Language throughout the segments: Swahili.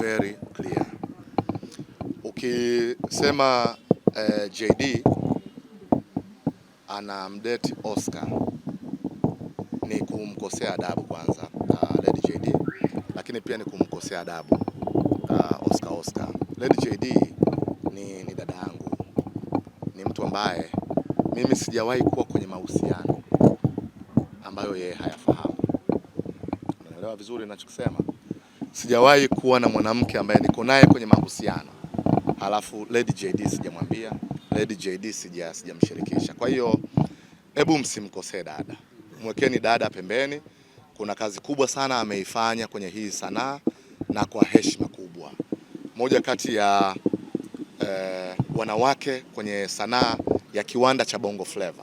very clear. Ukisema eh, JD ana mdate Oscar ni kumkosea adabu kwanza, uh, Lady JD, lakini pia ni kumkosea adabu uh, Oscar. Oscar, Lady JD ni, ni dada yangu, ni mtu ambaye mimi sijawahi kuwa kwenye mahusiano ambayo yeye hayafahamu. Unaelewa vizuri ninachokisema? sijawahi kuwa na mwanamke ambaye niko naye kwenye mahusiano halafu Lady JD sijamwambia, Lady JD sija sijamshirikisha. Kwa hiyo hebu msimkosee dada, mwekeni dada pembeni. Kuna kazi kubwa sana ameifanya kwenye hii sanaa na kwa heshima kubwa. Moja kati ya eh, wanawake kwenye sanaa ya kiwanda cha Bongo Flava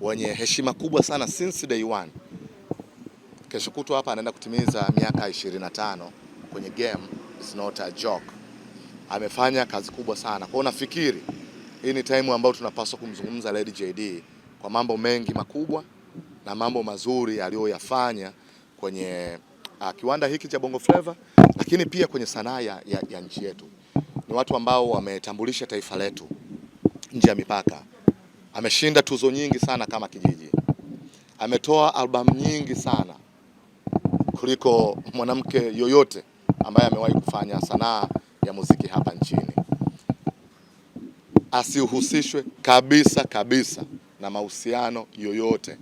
wenye heshima kubwa sana since day one. Kesho kutwa hapa anaenda kutimiza miaka 25 kwenye game, it's not a joke. Amefanya kazi kubwa sana kwao, nafikiri hii ni time ambayo tunapaswa kumzungumza Lady JD kwa mambo mengi makubwa na mambo mazuri aliyoyafanya kwenye uh, kiwanda hiki cha Bongo Flava, lakini pia kwenye sanaa ya, ya nchi yetu. Ni watu ambao wametambulisha taifa letu nje ya mipaka. Ameshinda tuzo nyingi sana kama kijiji, ametoa albamu nyingi sana kuliko mwanamke yoyote ambaye amewahi kufanya sanaa ya muziki hapa nchini. Asihusishwe kabisa kabisa na mahusiano yoyote.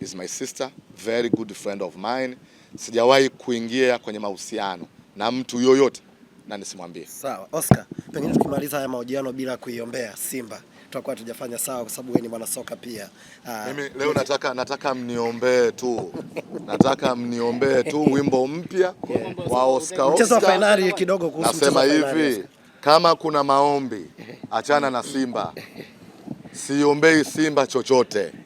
Is my sister, very good friend of mine. Sijawahi kuingia kwenye mahusiano na mtu yoyote na nisimwambie. Sawa, Oscar, pengine tukimaliza haya mahojiano bila kuiombea Simba tutakuwa tujafanya sawa, kwa sababu wewe ni mwanasoka pia. Aa, ah, mimi leo nataka nataka mniombee tu nataka mniombee tu wimbo mpya wa Oscar Oscar. Nasema hivi, kama kuna maombi, achana na Simba, siombei Simba chochote.